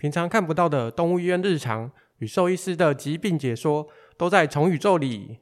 平常看不到的動物醫院日常與獸醫師的疾病解說，都在寵宇宙裡。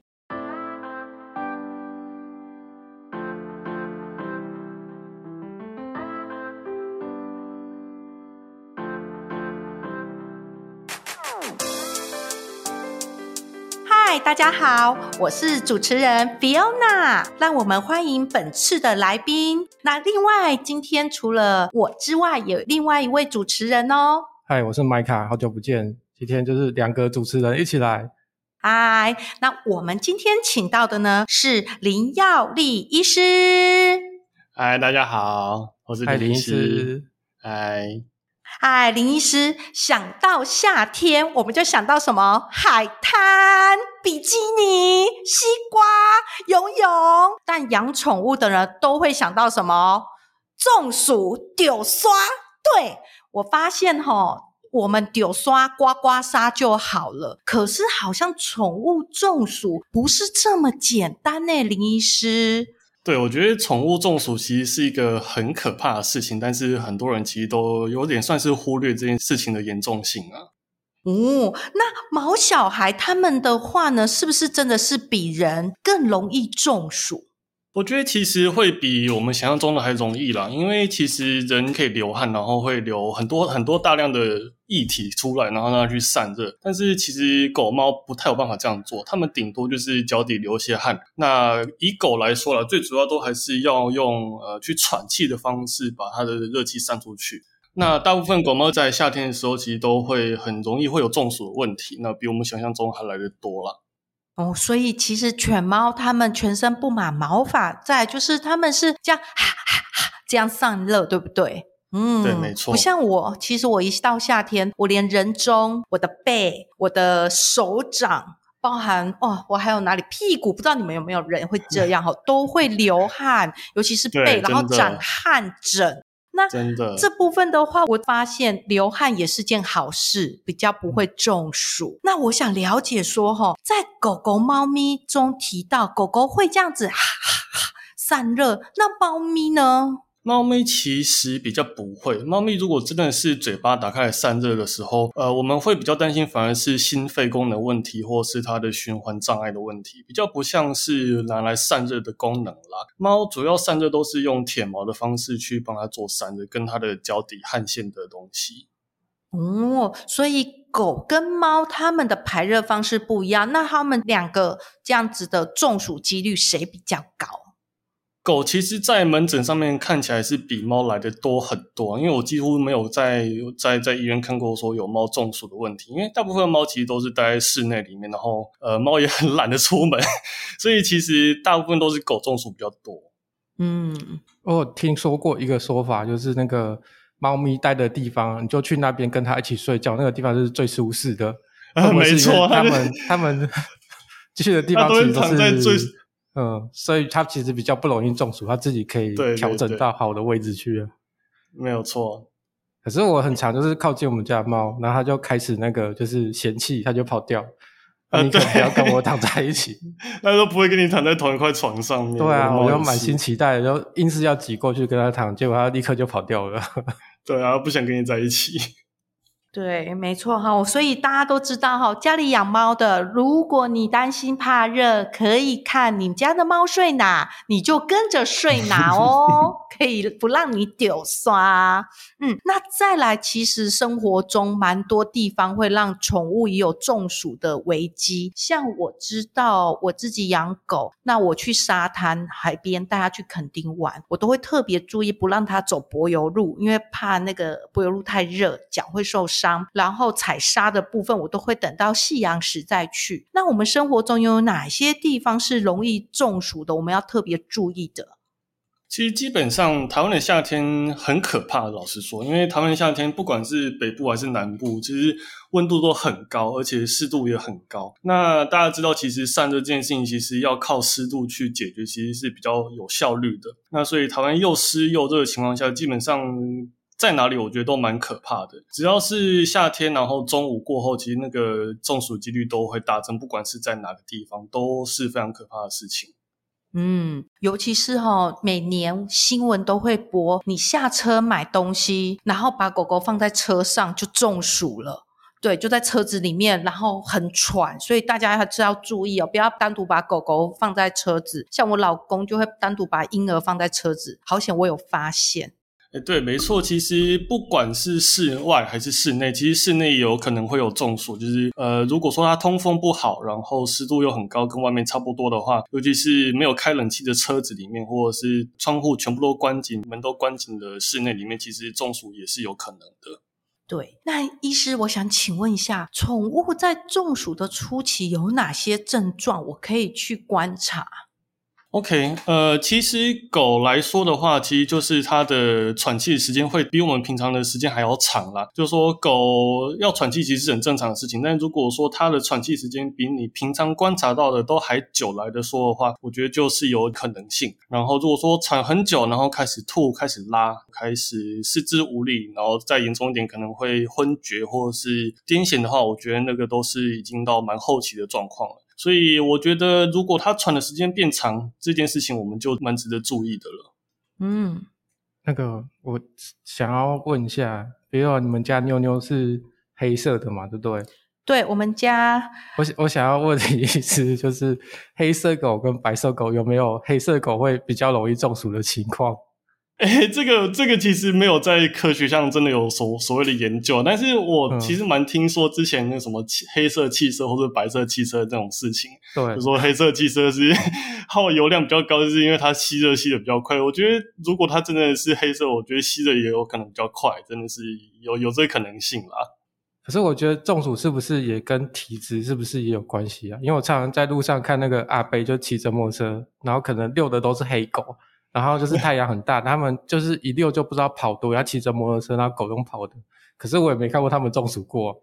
嗨，大家好，我是主持人 Fiona，讓我們歡迎本次的來賓。那另外今天除了我之外，有另外一位主持人哦。嗨，我是麥卡，好久不見。今天就是兩個主持人一起來。嗨，那我們今天請到的呢是林耀立醫師。嗨，大家好，我是林醫師 Hi, 林醫師。嗨，嗨，林醫師。想到夏天，我們就想到什麼海灘、比基尼、西瓜、游泳，泳。但養寵物的人都會想到什麼中暑、丟刷，對。我發現齁、哦，我們丟刷刮刮痧就好了，可是好像寵物中暑不是這麼簡單呢，林醫師？對，我覺得寵物中暑其實是一個很可怕的事情，但是很多人其實都有點算是忽略這件事情的嚴重性啊。哦、嗯，那毛小孩他們的話呢，是不是真的是比人更容易中暑？我覺得其實會比我們想象中的還容易啦，因為其實人可以流汗，然後會流很多很多大量的液體出來，然後讓它去散熱。但是其實狗貓不太有辦法這樣做，它們頂多就是腳底流些汗。那以狗來說啦，最主要都還是要用呃去喘氣的方式把它的熱氣散出去。那大部分狗貓在夏天的時候，其實都會很容易會有中暑的問題，那比我們想象中還來得多了。哦，所以其實犬貓它們全身布滿毛髮，在就是它們是這樣，哈哈哈這樣散熱，對不對？嗯，對，沒錯。不像我，其實我一到夏天，我連人中、我的背、我的手掌，包含哦，我還有哪裡屁股，不知道你們有沒有人會這樣哈， 都會流汗，尤其是背，然後長汗疹。那這部分的話，我發現流汗也是件好事，比較不會中暑。嗯、那我想了解說，哈，在狗狗、貓咪中提到狗狗會這樣子，哈哈哈，散熱，那貓咪呢？貓咪其實比較不會，貓咪如果真的是嘴巴打開來散熱的時候，呃，我們會比較擔心，反而是心肺功能問題，或是它的循環障礙的問題，比較不像是拿來散熱的功能啦。貓主要散熱都是用舔毛的方式去幫它做散熱，跟它的腳底汗腺的東西。哦、嗯，所以狗跟貓它們的排熱方式不一樣，那它們兩個這樣子的中暑幾率誰比較高？狗其實，在門診上面看起來是比貓來得多很多，因為我幾乎沒有在在在醫院看過說有貓中暑的問題，因為大部分的貓其實都是待在室內裡面，然後呃，貓也很懶得出門，所以其實大部分都是狗中暑比較多。嗯，我有聽說過一個說法，就是那個貓咪待的地方，你就去那邊跟它一起睡覺，那個地方是最舒適的。沒錯，他，他們他們去的地方都是。他都嗯，所以它其實比較不容易中暑，它自己可以調整到好的位置去啊。沒有錯，可是我很常，就是靠近我們家貓，然後它就開始那個就是嫌棄，它就跑掉。啊、你不要跟我躺在一起，它 都不會跟你躺在同一塊床上面。對啊，我就滿心期待，就硬是要擠過去跟他躺，結果它立刻就跑掉了。 對啊，不想跟你在一起。對，沒錯哈，所以大家都知道哈，家裡養貓的，如果你擔心怕熱，可以看你家的貓睡哪，你就跟着睡哪哦。 可以不讓你丟沙，嗯，那再來，其實生活中蠻多地方會讓寵物也有中暑的危機。像我知道我自己養狗，那我去沙灘海邊帶它去墾丁玩，我都會特別注意不讓它走柏油路，因為怕那個柏油路太熱，腳會受傷。然後踩沙的部分，我都會等到夕陽時再去。那我們生活中有哪些地方是容易中暑的，我們要特別注意的？其實基本上，台灣的夏天很可怕。老實說，因為台灣的夏天，不管是北部還是南部，其實溫度都很高，而且濕度也很高。那大家知道，其實散熱這件事情，其實要靠濕度去解決，其實是比較有效率的。那所以，台灣又濕又熱的情況下，基本上在哪裡，我覺得都蠻可怕的。只要是夏天，然後中午過後，其實那個中暑幾率都會大增，不管是在哪個地方，都是非常可怕的事情。嗯，尤其是齁，每年新聞都會播，你下車買東西，然後把狗狗放在車上就中暑了。對，就在車子裡面，然後很喘，所以大家還是要注意哦，不要單獨把狗狗放在車子。像我老公就會單獨把嬰兒放在車子，好險我有發現。對，沒錯。其實不管是室外還是室內，其實室內有可能會有中暑。就是呃，如果說它通風不好，然後濕度又很高，跟外面差不多的話，尤其是沒有開冷氣的車子裡面，或者是窗戶全部都關緊、門都關緊的室內裡面，其實中暑也是有可能的。對，那醫師，我想請問一下，寵物在中暑的初期有哪些症狀？我可以去觀察。OK，呃，其實狗來說的話，其實就是它的喘氣時間會比我們平常的時間還要長啦。就是說，狗要喘氣其實是很正常的事情，但如果說它的喘氣時間比你平常觀察到的都還久來的說的話，我覺得就是有可能性。然後如果說喘很久，然後開始吐、開始拉、開始四肢無力，然後再嚴重一點，可能會昏厥或者是癲癇的話，我覺得那個都是已經到蠻後期的狀況了。所以我覺得，如果它喘的時間變長，這件事情我們就蠻值得注意的了。嗯，那個我想要問一下，比如說你們家妞妞是黑色的嘛，對不對？對，我們家。我我想要問你一次，就是黑色狗跟白色狗有沒有黑色狗會比較容易中暑的情況？哎、欸，這個這個其實沒有在科學上真的有所所謂的研究，但是我其實蠻聽說之前那什麼黑色汽車或者白色汽車這種事情，嗯、對，就說黑色的汽車是耗 油量比較高，就是因為它吸熱吸的比較快。我覺得如果它真的是黑色，我覺得吸熱也有可能比較快，真的是有有這個可能性啦。可是我覺得中暑是不是也跟體質是不是也有關係啊？因為我常常在路上看那個阿伯就騎着摩托車，然後可能遛的都是黑狗。然後就是太陽很大，他們就是一溜就不知道跑多要騎着摩托車，然後狗都跑的。可是我也沒看過他們中暑過。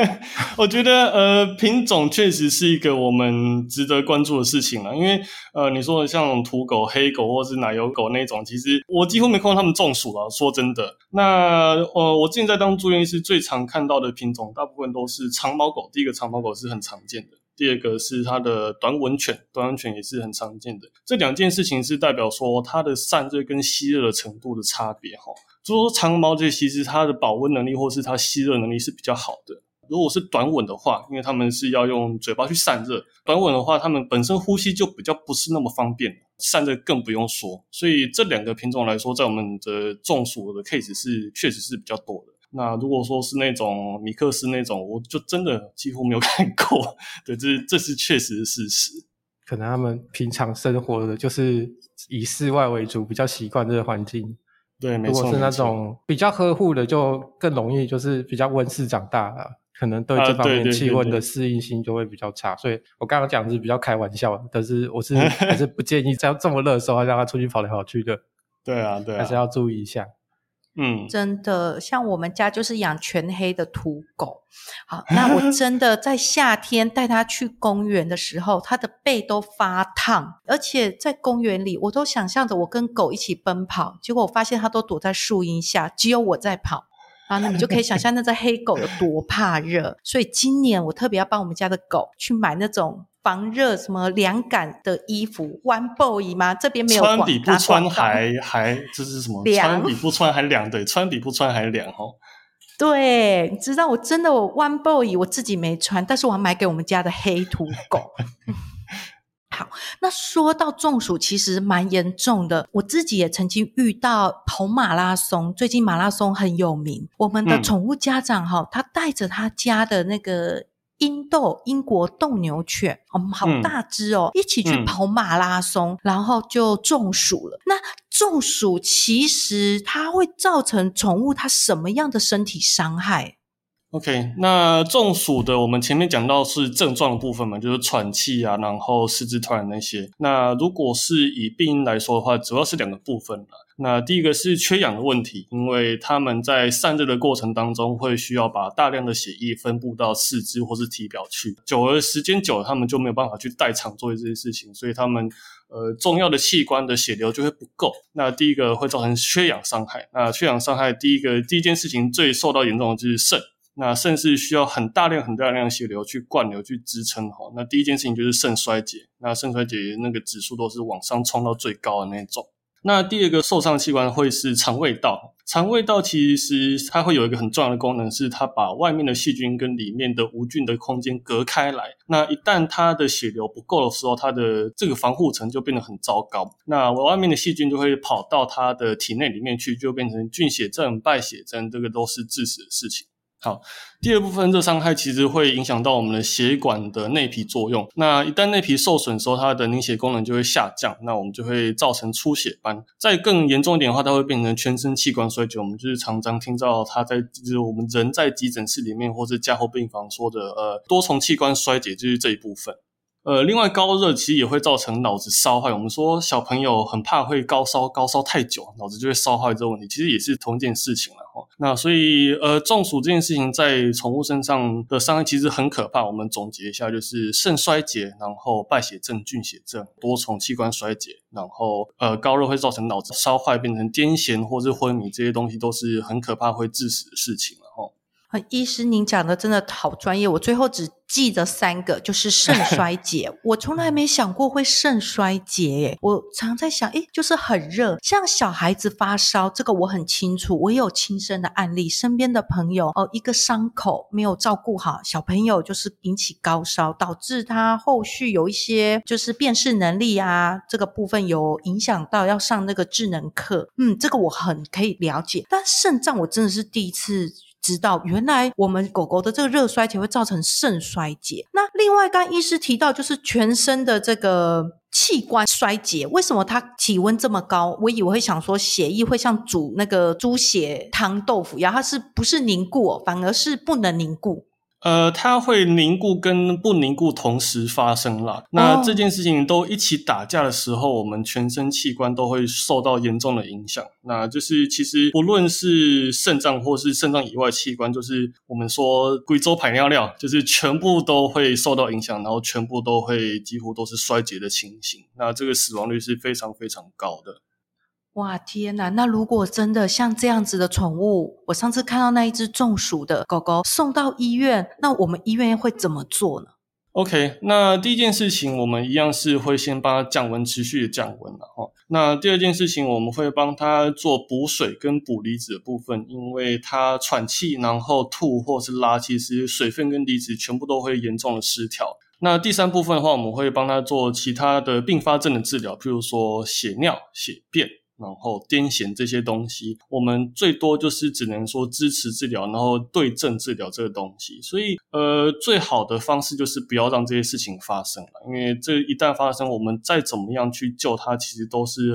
我覺得呃，品種確實是一個我們值得關注的事情啦，因為呃，你說的像土狗、黑狗或是奶油狗那種，其實我幾乎沒看過他們中暑了、啊。說真的，那呃，我現在當住院醫師，最常看到的品種大部分都是長毛狗，第一個長毛狗是很常見的。第二個是它的短吻犬，短吻犬也是很常見的。這兩件事情是代表說它的散熱跟吸熱的程度的差別，哈。就說長毛這些其實它的保溫能力或是它吸熱能力是比較好的。如果是短吻的話，因為它們是要用嘴巴去散熱，短吻的話它們本身呼吸就比較不是那麼方便，散熱更不用說。所以這兩個品種來說，在我們的中暑的 case 是確實是比較多的。那如果說是那種米克斯那種，我就真的幾乎沒有看過。對，這是這是確實的事實。可能他們平常生活的就是以室外為主，比較習慣這個環境。對，沒錯。如果是那種比較呵護的，就更容易就是比較溫室長大了，啊，可能對這方面氣溫的適應性就會比較差。所以我剛剛講的是比較開玩笑，但是我是還是不建議這樣這麼熱的時候讓它出去跑來跑去的。對啊，對啊，還是要注意一下。嗯，真的，像我們家就是養全黑的土狗。好，那我真的在夏天帶它去公園的時候，它的背都發燙，而且在公園裡，我都想象着我跟狗一起奔跑，結果我發現它都躲在樹蔭下，只有我在跑。啊，那你就可以想象那只黑狗有多怕熱。所以今年我特別要幫我們家的狗去買那種。防熱什麼涼感的衣服？One Boy 嗎？這邊沒有廣告。穿比不穿還還這是什麼？穿比不穿還涼對，穿比不穿還涼哦。對，你知道我真的我 One Boy 我自己沒穿，但是我還買給我們家的黑土狗。 好，那說到中暑，其實蠻嚴重的。我自己也曾經遇到跑馬拉松。最近馬拉松很有名，我們的寵物家長哈、哦嗯，他帶着他家的那個。英鬥，英國鬥牛犬，哦、嗯，好大隻哦、嗯，一起去跑馬拉松，嗯，然後就中暑了。那中暑其實它會造成寵物它什麼樣的身體傷害？OK，那中暑的我們前面講到是症狀的部分嘛，就是喘氣啊，然後四肢突然那些。那如果是以病因來說的話，主要是兩個部分了。那第一個是缺氧的問題，因為他們在散熱的過程當中，會需要把大量的血液分布到四肢或是體表去，久而時間久了，他們就沒有辦法去代償做這些事情，所以他們呃重要的器官的血流就會不夠。那第一個會造成缺氧傷害。那缺氧傷害第一個第一件事情最受到嚴重的就是腎，那腎是需要很大量很大量血流去灌流去支撐哈。那第一件事情就是腎衰竭，那腎衰竭那個指數都是往上衝到最高的那種。那第二個受傷器官會是腸胃道，腸胃道其實它會有一個很重要的功能，是它把外面的細菌跟裡面的無菌的空間隔開來。那一旦它的血流不夠的時候，它的這個防護層就變得很糟糕，那外面的細菌就會跑到它的體內裡面去，就變成菌血症、敗血症，這個都是致死的事情。好，第二部分熱傷害其實會影響到我們的血管的內皮作用。那一旦內皮受損的時候，它的凝血功能就會下降，那我們就會造成出血斑。再更嚴重一點的話，它會變成全身器官衰竭。我們就是常常聽到它在就是我們人在急診室裡面或是加護病房說的，呃，多重器官衰竭就是這一部分。呃，另外高熱其實也會造成腦子燒壞。我們說小朋友很怕會高燒，高燒太久腦子就會燒壞，這個問題其實也是同一件事情了。那所以呃中暑這件事情在寵物身上的傷害其實很可怕。我們總結一下，就是腎衰竭，然後敗血症、菌血症、多重器官衰竭，然後呃高熱會造成腦子燒壞，變成癲癇或是昏迷，這些東西都是很可怕會致死的事情了。醫師您講的真的好專業，我最後只記得三個，就是腎衰竭。 我從來沒想過會腎衰竭誒。我常在想，誒，就是很熱，像小孩子發燒，這個我很清楚，我也有親身的案例。身邊的朋友，哦、呃，一個傷口沒有照顧好，小朋友就是引起高燒，導致他後續有一些就是辨識能力啊，這個部分有影響到要上那個智能課。嗯，這個我很可以了解，但腎臟我真的是第一次。直到原來我們狗狗的這個熱衰竭會造成腎衰竭。那另外剛剛醫師提到，就是全身的這個器官衰竭，為什麼它體溫這麼高？我以為會想說血液會像煮那個豬血湯豆腐，然後它是不是凝固哦，反而是不能凝固。呃，它會凝固跟不凝固同時發生啦，那這件事情都一起打架的時候，oh. 我們全身器官都會受到嚴重的影響。那就是其實不論是腎臟或是腎臟以外器官，就是我們說貴州排尿量，就是全部都會受到影響，然後全部都會幾乎都是衰竭的情形。那這個死亡率是非常非常高的。哇天吶！那如果真的像這樣子的寵物，我上次看到那一隻中暑的狗狗送到醫院，那我們醫院會怎麼做呢？OK，那第一件事情，我們一樣是會先幫它降溫，持續的降溫了哈。然後，那第二件事情，我們會幫他做補水跟補離子的部分，因為它喘氣，然後吐或是拉，其實水分跟離子全部都會嚴重的失調。那第三部分的話，我們會幫他做其他的併發症的治療，譬如說血尿、血便。然後癲癇這些東西，我們最多就是只能說支持治療，然後對症治療這個東西。所以，呃，最好的方式就是不要讓這些事情發生了，因為這一旦發生，我們再怎麼樣去救他，其實都是，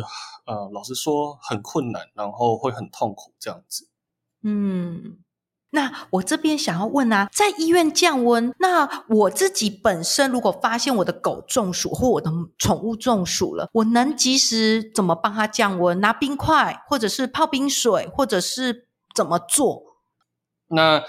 呃，老實說很困難，然後會很痛苦這樣子。嗯。那我這邊想要問啊，在醫院降溫，那我自己本身如果發現我的狗中暑或我的寵物中暑了，我能及時怎麼幫它降溫？拿冰塊，或者是泡冰水，或者是怎麼做？那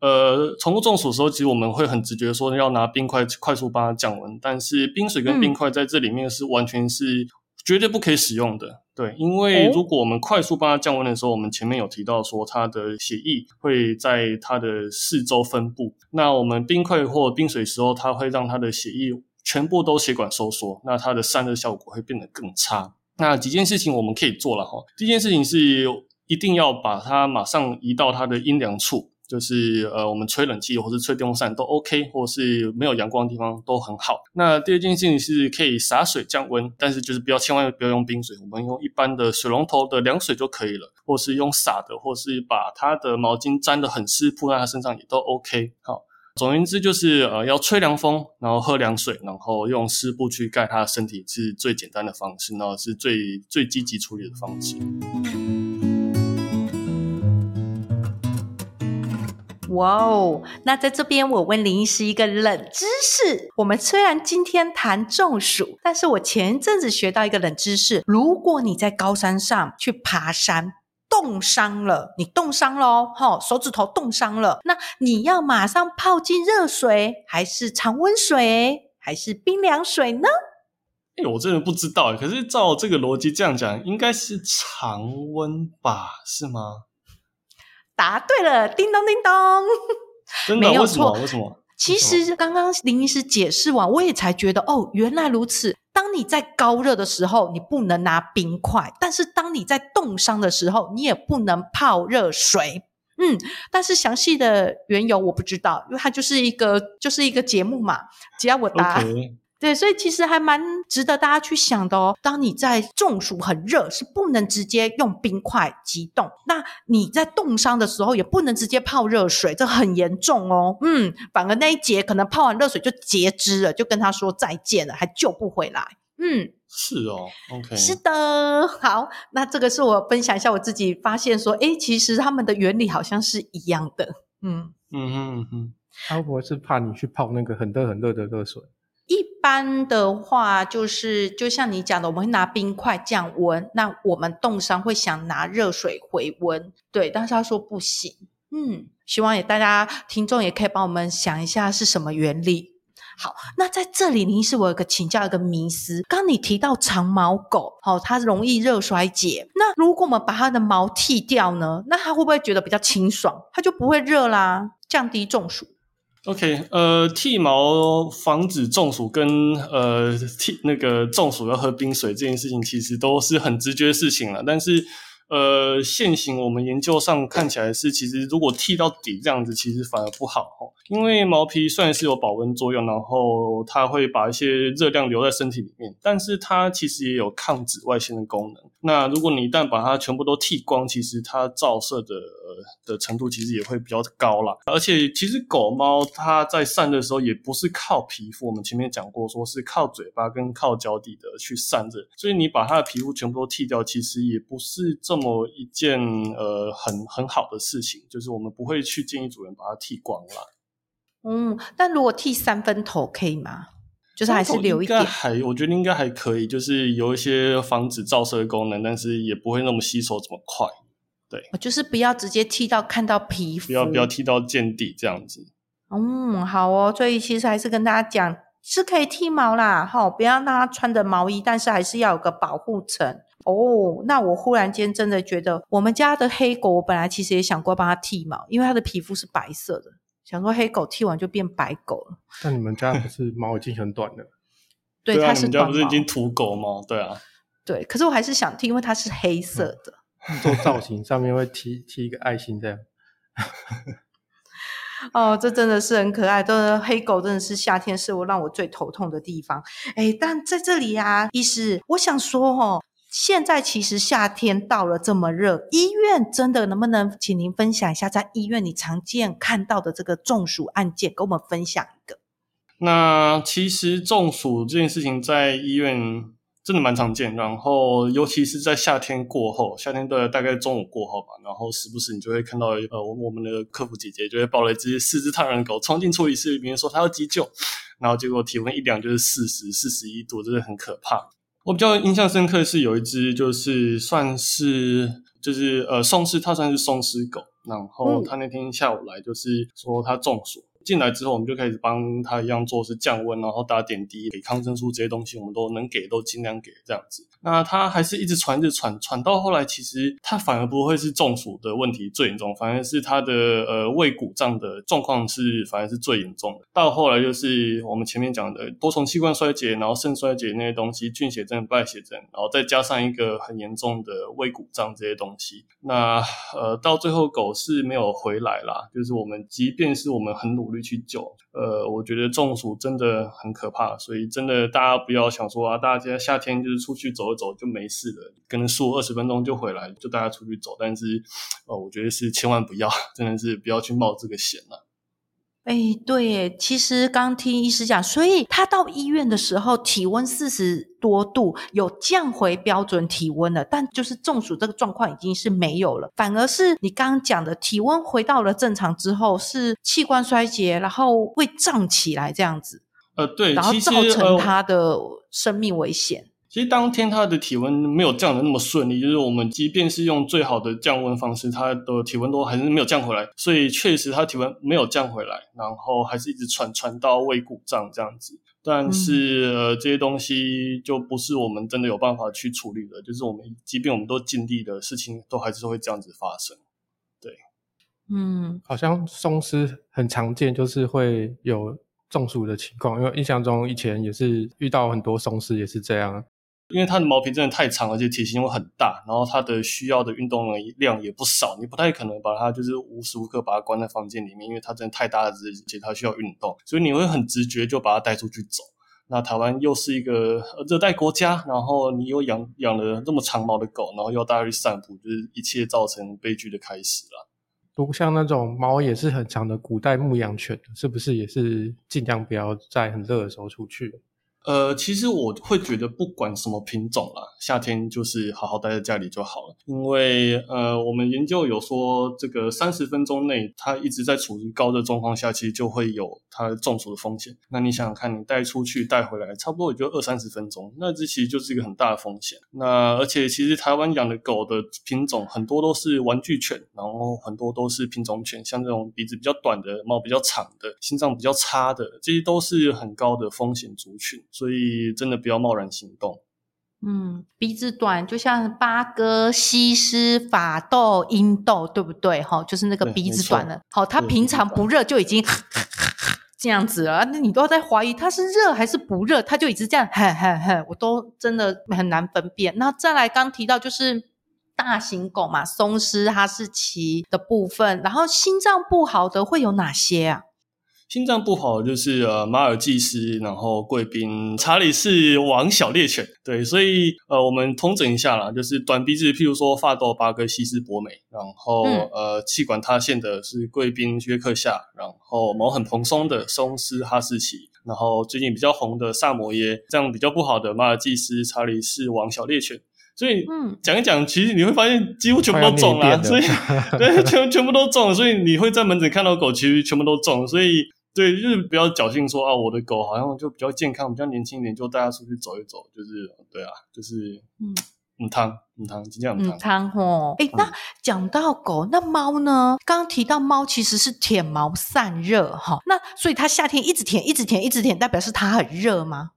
呃，寵物中暑的時候，其實我們會很直覺說要拿冰塊快速幫它降溫，但是冰水跟冰塊在這裡面是完全是絕對不可以使用的。嗯對，因為如果我們快速幫它降溫的時候，我們前面有提到說它的血液會在它的四周分布。那我們冰塊或冰水時候，它會讓它的血液全部都血管收縮，那它的散熱效果會變得更差。那幾件事情我們可以做了哈。第一件事情是一定要把它馬上移到它的陰涼處。就是呃，我們吹冷氣或者是吹電風扇都 OK，或是沒有陽光的地方都很好。那第二件事情是可以灑水降溫，但是就是不要，千萬不要用冰水，我們用一般的水龍頭的涼水就可以了，或是用灑的，或是把它的毛巾沾得很濕鋪在它身上也都 OK。好，總而言之就是呃，要吹涼風，然後喝涼水，然後用濕布去蓋它的身體是最簡單的方式，然後是最最積極處理的方式。哇哦！那在這邊，我問林醫師一個冷知識：我們雖然今天談中暑，但是我前一陣子學到一個冷知識。如果你在高山上去爬山，凍傷了，你凍傷嘍，齁，手指頭凍傷了，那你要馬上泡進熱水，還是常溫水，還是冰涼水呢？哎、欸，我真的不知道。可是照這個邏輯這樣講，應該是常溫吧？是嗎？答對了，叮咚叮咚，真的 沒有錯，為什麼？為什麼？其實剛剛林醫師解釋完，我也才覺得哦，原來如此。當你在高熱的時候，你不能拿冰塊；但是當你在凍傷的時候，你也不能泡熱水。嗯，但是詳細的緣由我不知道，因為它就是一個就是一個節目嘛。只要我答。Okay. 對，所以其實還蠻值得大家去想的哦。當你在中暑很熱，是不能直接用冰塊急凍；那你在凍傷的時候，也不能直接泡熱水，這很嚴重哦。嗯，反而那一節可能泡完熱水就截肢了，就跟他說再見了，還救不回來。嗯，是哦，OK，是的。好，那這個是我分享一下我自己發現說，誒，其實他們的原理好像是一樣的。嗯嗯哼嗯嗯，阿伯是怕你去泡那個很熱很熱的熱水。一般的話，就是就像你講的，我們會拿冰塊降溫。那我們凍傷會想拿熱水回溫，對。但是他說不行，嗯，希望也大家聽眾也可以幫我們想一下是什麼原理。好，那在這裡臨時我有個請教一個迷思。剛，剛你提到長毛狗，好、哦，它容易熱衰竭。那如果我們把它的毛剃掉呢？那它會不會覺得比較清爽？它就不會熱啦，降低中暑。OK，呃，剃毛防止中暑跟、跟呃剃那個中暑要喝冰水這件事情，其實都是很直覺的事情了，但是。呃，現行我們研究上看起來是，其實如果剃到底這樣子，其實反而不好，因為毛皮雖然是有保溫作用，然後它會把一些熱量留在身體裡面，但是它其實也有抗紫外線的功能。那如果你一旦把它全部都剃光，其實它照射的的程度其實也會比較高啦。而且其實狗貓它在散熱的時候也不是靠皮膚，我們前面講過說是靠嘴巴跟靠腳底的去散熱。所以你把它的皮膚全部都剃掉，其實也不是這麼。某一件呃很很好的事情，就是我們不會去建議主人把它剃光了。嗯，但如果剃三分頭可以嗎？就是還是留一點。還我覺得應該還可以，就是有一些防止照射的功能，但是也不會那麼吸收這麼快。對，我、哦，就是不要直接剃到看到皮膚，不要不要剃到見底這樣子。嗯，好哦，所以其實還是跟大家講是可以剃毛啦，吼、哦，不要讓他穿着毛衣，但是還是要有個保護層。哦，那我忽然間真的覺得，我們家的黑狗，我本來其實也想過幫它剃毛，因為它的皮膚是白色的，想說黑狗剃完就變白狗了。但你們家不是毛已經很短了？ 對、啊，它是。你們家不是已經土狗嗎？對啊，對。可是我還是想剃，因為它是黑色的， 做造型上面會剃剃一個愛心這樣。 哦，這真的是很可愛。真黑狗真的是夏天是我讓我最頭痛的地方。哎、欸，但在這裡呀、啊，醫師，我想說哦。現在其實夏天到了，這麼熱，醫院真的能不能請您分享一下，在醫院你常見看到的這個中暑案件，跟我們分享一個？那其實中暑這件事情在醫院真的蠻常見，然後尤其是在夏天過後，夏天對了，大概中午過後吧，然後時不時你就會看到，呃，我們的客服姐姐就會抱了一只四肢燙人狗衝進處理室，裡面說她要急救，然後結果體溫一量就是四十四十一度，真的很可怕。我比較印象深刻的是有一隻就是算是，就是呃鬆獅，它算是鬆獅狗。然後它那天下午來，就是說它中暑、嗯，進來之後我們就開始幫它一樣做是降溫，然後打點滴、給抗生素這些東西，我們都能給都盡量給這樣子。那他還是一直喘，一直喘，喘到後來，其實他反而不會是中暑的問題最嚴重，反而是他的呃胃鼓脹的狀況是反而是最嚴重的。到後來就是我們前面講的多重器官衰竭，然後腎衰竭那些東西，菌血症、敗血症，然後再加上一個很嚴重的胃鼓脹這些東西，那呃到最後狗是沒有回來啦，就是我們即便是我們很努力去救，呃，我覺得中暑真的很可怕，所以真的大家不要想說啊，大家夏天就是出去走，我走就沒事了，可能說二十分鐘就回來，就帶他出去走。但是，呃，我覺得是千萬不要，真的是不要去冒這個險了，啊。哎，欸，對，其實剛聽醫師講，所以他到醫院的時候體溫四十多度，有降回標準體溫了，但就是中暑這個狀況已經是沒有了，反而是你剛剛講的體溫回到了正常之後，是器官衰竭，然後會脹起來這樣子。呃，對，然後造成他的生命危險。呃其實當天他的體溫沒有降得那麼順利，就是我們即便是用最好的降溫方式，他的體溫都還是沒有降回來，所以確實他體溫沒有降回來，然後還是一直傳傳到胃鼓脹這樣子。但是，嗯，呃，這些東西就不是我們真的有辦法去處理的，就是我們即便我們都盡力的事情，都還是會這樣子發生。對，嗯，好像松獅很常見，就是會有中暑的情況，因為印象中以前也是遇到很多鬆獅也是這樣。因為它的毛皮真的太長了，而且體型又很大，然後它的需要的運動量也不少，你不太可能把它就是無時無刻把它關在房間裡面，因為它真的太大了，而且它需要運動，所以你會很直覺就把它帶出去走。那台灣又是一個熱帶國家，然後你又養養了這麼長毛的狗，然後又要帶它去散步，就是一切造成悲劇的開始啦。都像那種毛也是很長的古代牧羊犬，是不是也是盡量不要在很熱的時候出去的？呃，其實我會覺得，不管什麼品種啦，夏天就是好好待在家裡就好了。因為呃，我們研究有說，這個三十分鐘內，它一直在處於高的狀況下，其實就會有它中暑的風險。那你想想看，你帶出去帶回來，差不多也就二三十分鐘，那這其實就是一個很大的風險。那而且其實台灣養的狗的品種很多都是玩具犬，然後很多都是品種犬，像這種鼻子比較短的、毛比較長的、心臟比較差的，這些都是很高的風險族群。所以真的不要貿然行動。嗯，鼻子短就像八哥、西施、法斗、英鬥，對不對？哈、哦，就是那個鼻子短了。好、哦，它平常不熱就已經呵呵呵呵這樣子了。那你都在懷疑它是熱還是不熱，它就一直這樣。哼哼哼，我都真的很難分辨。那再來剛提到就是大型狗嘛，松獅、哈士奇的部分，然後心臟不好的會有哪些啊？心臟不好的就是呃、馬爾濟斯，然後貴賓、查理士王小獵犬，對，所以呃我們通整一下啦，就是短鼻子，譬如說法鬥、巴哥、西施、博美，然後、嗯、呃氣管塌陷的是貴賓、約克夏，然後毛很蓬鬆的鬆獅、哈士奇，然後最近比較紅的薩摩耶，這樣比較不好的馬爾濟斯、查理士王小獵犬，所以嗯講一講，其實你會發現幾乎全部都中了，所以對，全部全部都中。 所以你會在門診看到狗，其實全部都中。所以。對，就是不要僥倖說啊，我的狗好像就比較健康，比較年輕一點，就帶它出去走一走，就是對啊，就是嗯，嗯湯，嗯湯，嗯、湯，今天很湯。湯、嗯、湯哦，哎、欸，那講到狗，那貓呢？剛剛提到貓其實是舔毛散熱哈，那所以它夏天一直舔，一直舔，一直舔，代表是它很熱嗎？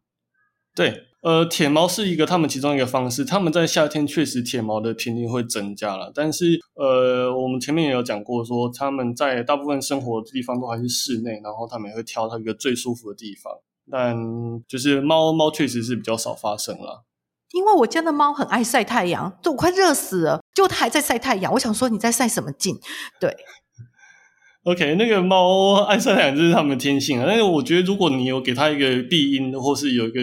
對。呃，舔毛是一個他們其中一個方式。他們在夏天確實舔毛的頻率會增加了，但是呃，我們前面也有講過說，說他們在大部分生活的地方都還是室內，然後他們也會挑它一個最舒服的地方。但就是貓貓確實是比較少發生了，因為我家的貓很愛曬太陽，我快熱死了，就它還在曬太陽。我想說你在曬什麼勁？對 ，OK，那個貓愛曬太陽就是它們天性啊，但是我覺得如果你有給它一個避陰或是有一個。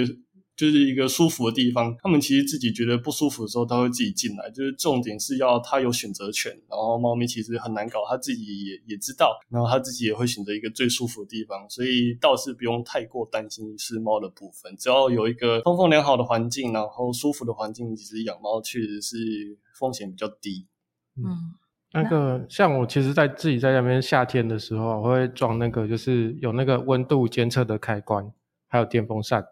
就是一個舒服的地方。他們其實自己覺得不舒服的時候，他會自己進來。就是重點是要他有選擇權。然後貓咪其實很難搞，他自己也也知道，然後他自己也會選擇一個最舒服的地方。所以倒是不用太過擔心是貓的部分。只要有一個通風良好的環境，然後舒服的環境，其實養貓確實是風險比較低。嗯，那個像我其實，在自己在那邊夏天的時候，我會裝那個就是有那個溫度監測的開關，還有電風扇。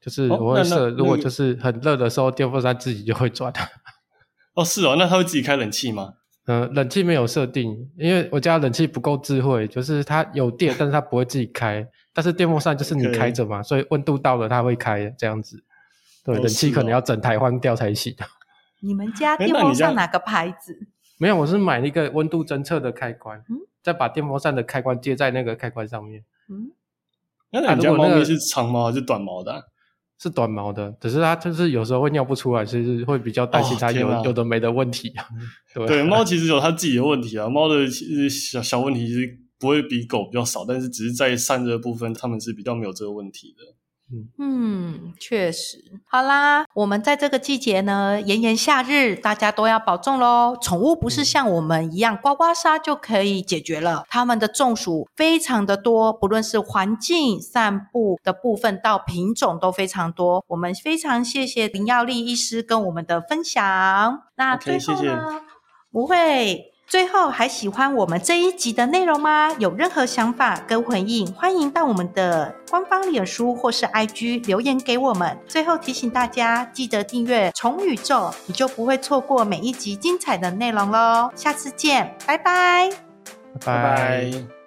就是我會設，如果就是很熱的時候，電風扇自己就會轉。 哦，是哦，那它會自己開冷氣嗎？嗯，冷氣沒有設定，因為我家冷氣不夠智慧，就是它有電， 但是它不會自己開。但是電風扇就是你開着嘛，Okay. 所以溫度到了它會開，這樣子。對，哦哦、冷氣可能要整台換掉才行。你們家電風扇哪個牌子？欸、沒有，我是買那一個溫度偵測的開關，嗯，再把電風扇的開關接在那個開關上面，嗯。啊、那你們家貓咪是長毛、啊那個、是長毛還是短毛的、啊？是短毛的，可是它就是有時候會尿不出來，所以是會比較擔心它有、哦啊、有的沒的問題。對，貓其實有它自己的問題啊，貓的小小問題其實是不會比狗比較少，但是只是在散熱部分，它們是比較沒有這個問題的。嗯，確實。好啦，我們在這個季節呢，炎炎夏日，大家都要保重嘍。寵物不是像我們一樣、嗯、刮刮痧就可以解決了，它們的中暑非常的多，不論是環境、散步的部分，到品種都非常多。我們非常謝謝林耀立醫師跟我們的分享。那最後呢？Okay, 謝謝。不會。最後還喜歡我們這一集的內容嗎？有任何想法跟回應，歡迎到我們的官方臉書或是 IG 留言給我們。最後提醒大家，記得訂閱《寵宇宙》，你就不會錯過每一集精彩的內容嘍。下次見，拜拜，拜拜。拜拜。